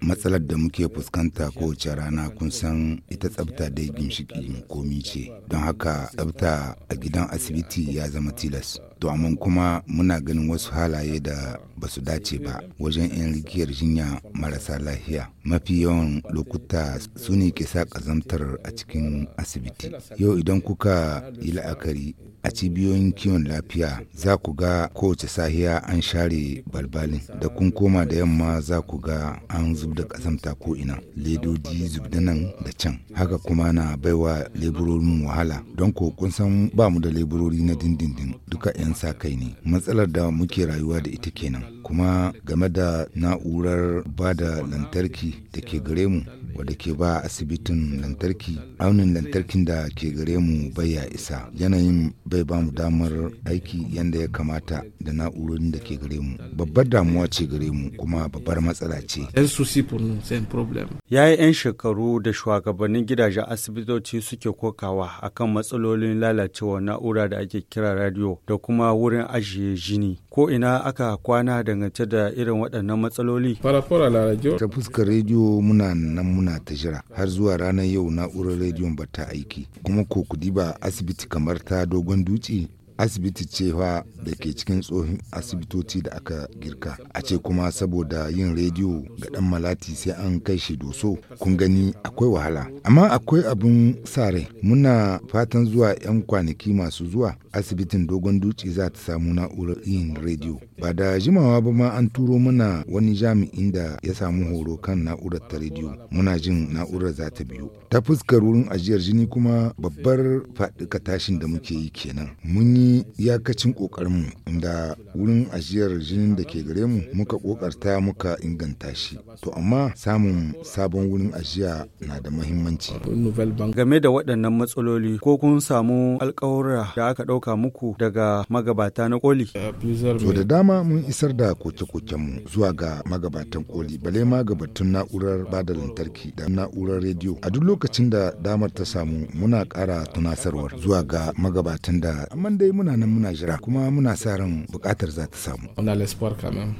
Matsalar da muke fuskanta kowace rana kun san ita tsabta dai ginshiƙin komi ce, don haka tsabta a gidan asibiti ya zama tilas. To amma kuma muna ganin wasu halaye da ba su dace ba wajen 'yan rigiyar jinya marasa lahiya Mafi yawan lokuta su ne ke sa ƙazamtar a cikin asibiti. Yau idan kuka yi la'akari a cibiyoyin kiwon lafiya za ku ga kowace sahiya an share balbalin da kun koma da yamma za ku ga an zub da kasamta ko ina ledoji zub da nan da can haka kuma na baiwa leburorin wahala don ko kun san ba mu da leburori na dindindin duka 'yan sa kai ne matsalar da muke rayuwa da ita kenan kuma game da na'urar ba da lantarki da ke gare mu wadda ke ba asibitin lantarki aunin lantarkin da ke gare mu bai ya isa yanayin bai ba mu damar aiki yadda ya kamata da na'urorin da ke gare mu babbar damuwa ce gare mu kuma babbar matsala ce ya yi 'yan shekaru da shugabannin gidajen asibitoci suke kokawa akan matsalolin lalacewa na'ura da ake kira radio da kuma wurin ajiye jini ko ina aka kwana dangance da irin waɗannan matsaloli ta fuskar rediyo muna nan muna ta jira har zuwa ranar yau na'urar rediyon ba ta aiki kuma ko kudi ba asibiti kamar ta dogon Banduti asibiti cewa da ke cikin tsohon asibitoci da aka girka a ce kuma saboda yin rediyo ga dan malati sai an kai shi doso kun gani akwai wahala amma akwai abin sa rai muna fatan zuwa 'yan kwanaki masu zuwa asibitin dogon dutse za ta samu na'urar yin rediyo ba da jimawa ba ma an turo mana wani jami'in da ya samu horo kan na'urar ta rediyo muna jin na'urar za ta biyu ta fuskar wurin ajiyar jini kuma babbar faɗi tashin da muke yi kenan mun yi yakacin iyakacin ƙoƙarinmu inda wurin ajiyar jinin da ke gare mu muka ƙoƙarta muka inganta shi. To amma samun sabon wurin ajiya na da mahimmanci. Game da waɗannan matsaloli ko kun samu alƙawura da aka ɗauka muku daga magabata na koli? to da dama mun isar da koke mu zuwa ga magabatan koli bale ma gabatun na'urar bada lantarki da na'urar rediyo. A duk lokacin da damar ta samu muna ƙara tunasarwar zuwa ga magabatan da. Amma dai muna nan muna jira kuma muna sa ran bukatar za ta samu.